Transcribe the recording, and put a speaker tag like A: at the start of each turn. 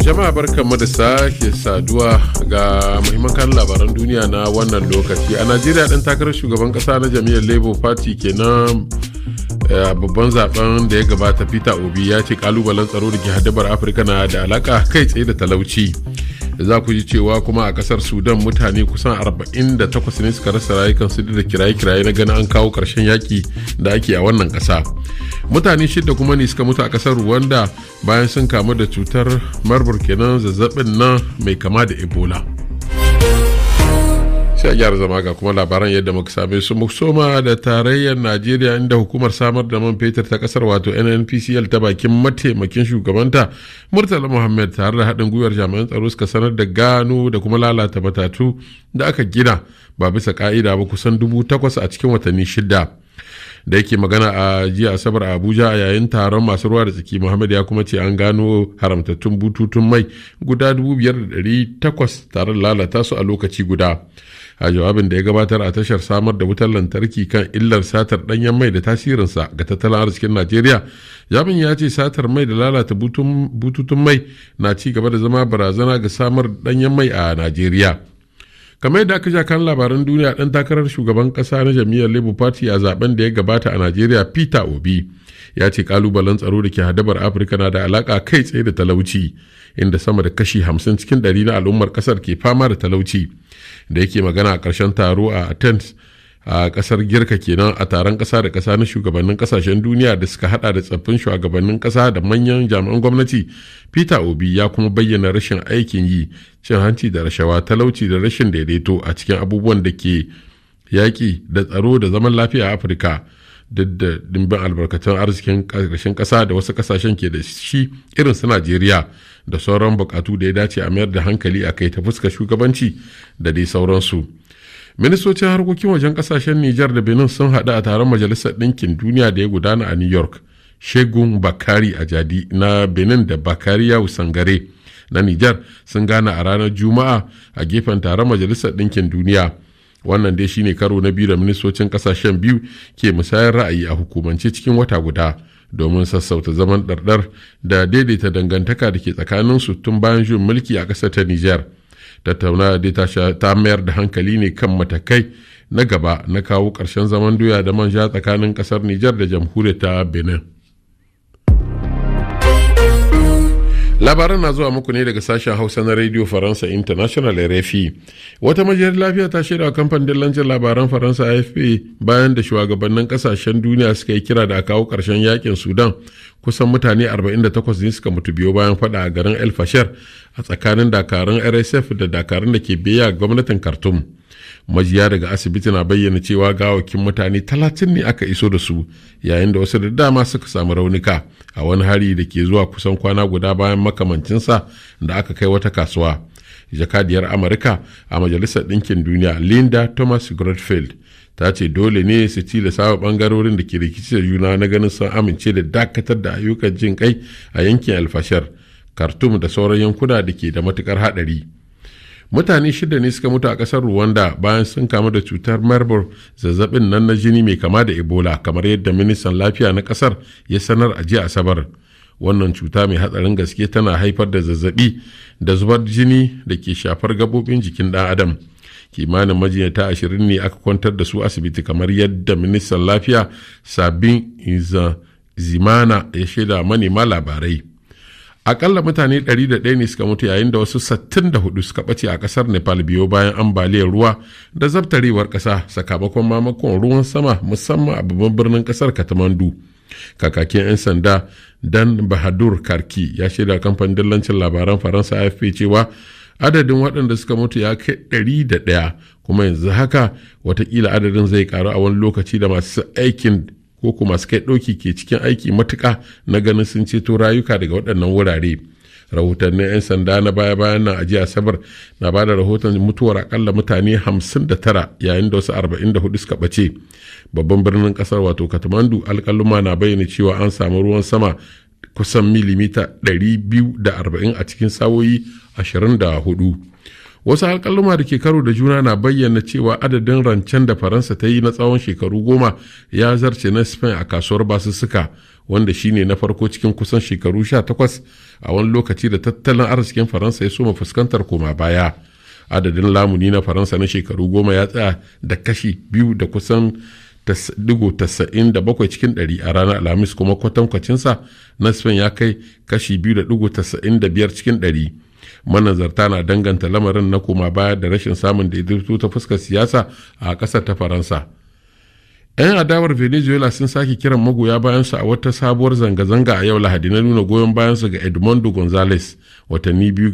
A: jama'a barkanmu da sake saduwa ga muhimman kan labaran duniya na wannan lokaci a najeriya ɗan takarar shugaban ƙasa na jami'ar labour party kenan eh, babban zaben da ya gabata peter obi ya ce kalubalen tsaro da ke haddabar afirka na da alaka kai tsaye da talauci da za ku ji cewa kuma a kasar sudan mutane kusan arba'in 48 ne suka rasa rayukansu duk da kiraye-kiraye na ganin an kawo karshen yaki da ake a wannan kasa mutane shida kuma ne suka mutu a kasar rwanda bayan sun kamu da cutar marburg kenan zazzabin nan mai kama da ebola sai a gyara zama ga kuma labaran yadda muka same su musoma soma da tarayyar najeriya inda hukumar samar da man fetur ta kasar wato nnpcl ta bakin mataimakin shugabanta murtala muhammed tare da haɗin gwiwar jami'an tsaro suka sanar da gano da kuma lalata matatu da aka gina ba bisa ka'ida ba kusan dubu takwas a cikin watanni shida da yake magana a jiya asabar abuja a yayin taron masu ruwa da tsaki muhammad ya kuma ce an gano haramtattun bututun mai guda takwas tare da lalata su a lokaci guda a jawabin da ya gabatar a tashar samar da wutar lantarki kan illar satar danyen mai da tasirinsa ga tattalin arzikin najeriya jamin ya ce satar mai da lalata bututun mai na ci gaba da zama barazana ga samar danyen mai a najeriya kamar yadda aka ja kan labaran duniya ɗan takarar shugaban ƙasa na jam'iyyar labour party a zaben da ya gabata a najeriya peter obi ya ce kalubalen tsaro da ke hadabar afirka na da alaka kai tsaye da talauci inda sama da kashi hamsin cikin ɗari na al'ummar ƙasar ke fama da talauci da yake magana a ƙarshen taro a athens a kasar girka kenan a taron kasa da kasa na shugabannin kasashen duniya da suka hada da tsaffin shugabannin kasa da manyan jami'an gwamnati peter obi ya kuma bayyana rashin aikin yi cin hanci da rashawa talauci da rashin daidaito a cikin abubuwan da ke yaƙi da tsaro da zaman lafiya a afirka duk da dimbin albarkatun arzikin ƙarshen ƙasa da wasu ƙasashen ke da shi irin su najeriya da sauran buƙatu da ya dace a mayar da hankali a kai ta fuska shugabanci da dai sauransu. ministocin harkokin wajen kasashen nijar da benin sun haɗu a taron majalisar ɗinkin duniya da ya gudana a new york shegun bakari a jadi na benin da bakari yawu sangare na nijar sun gana a ranar juma'a a gefen taron majalisar ɗinkin duniya wannan dai shine karo na biyu da ministocin kasashen biyu ke musayar ra'ayi a hukumance cikin wata guda domin sassauta zaman ɗarɗar da daidaita dangantaka da ke tsakanin su tun bayan jin mulki a ƙasar ta nijar tattaunawa dai ta mayar da hankali ne kan matakai na gaba na kawo ƙarshen zaman doya da manja tsakanin ƙasar nijar da jamhuriyar ta benin labaran na zuwa muku ne daga sashen hausa na radio faransa international rfi wata majiyar lafiya ta shaida wa kamfanin dillancin labaran faransa afp bayan da shugabannin kasashen duniya suka yi kira da a kawo karshen yakin sudan kusan mutane 48 ne suka mutu biyo bayan fada a garin el fashar a tsakanin dakarun rsf da dakarun da ke biya gwamnatin khartoum majiya daga asibiti na bayyana cewa gawakin mutane talatin ne aka iso da su yayin da wasu da dama suka samu raunuka a wani hari da ke zuwa kusan kwana guda bayan makamancinsa da aka kai wata kasuwa jakadiyar amurka a majalisar ɗinkin duniya linda thomas grotfield ta ce dole ne su tilasa wa bangarorin da ke rikici da juna na ganin sun amince da dakatar da ayyukan jin kai a yankin alfashar khartoum da sauran yankuna da ke da matukar haɗari. mutane shida ne suka mutu a kasar rwanda bayan sun kamu da cutar marburg zazzabin nan na jini mai kama da ebola kamar yadda ministan lafiya na kasar ya sanar a jiya asabar wannan cuta mai hatsarin gaske tana haifar da zazzabi da zubar jini da ke shafar gabobin jikin ɗan adam kimanin majinyata ashirin ne aka kwantar da su asibiti kamar yadda ministan lafiya sabin zimana ya shaida manema labarai akalla mutane 101 ne suka mutu yayin da wasu 64 suka ɓace a ƙasar nepal biyo bayan ambaliyar ruwa da zabtarewar ƙasa sakamakon mamakon ruwan sama musamman a babban birnin ƙasar katamandu kakakin 'yan sanda dan bahadur karki ya shaida kamfanin dillancin labaran faransa afp cewa adadin waɗanda suka mutu ya kai ɗari kuma yanzu haka watakila adadin zai karu a wani lokaci da masu aikin ko kuma masu kai ɗauki ke cikin aiki matuƙa na ganin sun ceto rayuka daga waɗannan wurare rahotannin 'yan sanda na baya bayan nan a jiya asabar na ba da rahoton mutuwar akalla mutane 59 yayin da wasu 44 suka ɓace babban birnin ƙasar wato katmandu alkaluma na bayyana cewa an samu ruwan sama kusan milimita 240 a cikin sawoyi 24 wasu alkaluma da ke karo da juna na bayyana cewa adadin rancen da faransa ta yi na tsawon shekaru goma ya zarce na spain a kasuwar basussuka wanda shine na farko cikin kusan shekaru 18 a wani lokaci da tattalin arzikin faransa ya soma fuskantar koma baya adadin lamuni na faransa na shekaru goma ya tsaya da kashi biyu da kusan bakwai cikin ɗari a ranar alhamis kuma kwatankwacinsa na spain ya kai kashi biyu da cikin ɗari. manazarta na danganta lamarin na koma baya da rashin samun daidaito ta fuskar siyasa a ƙasar ta faransa 'yan adawar venezuela sun sake kiran magoya bayansu a wata sabuwar zanga-zanga a yau lahadi na nuna goyon bayansu ga edmondo gonzales watanni biyu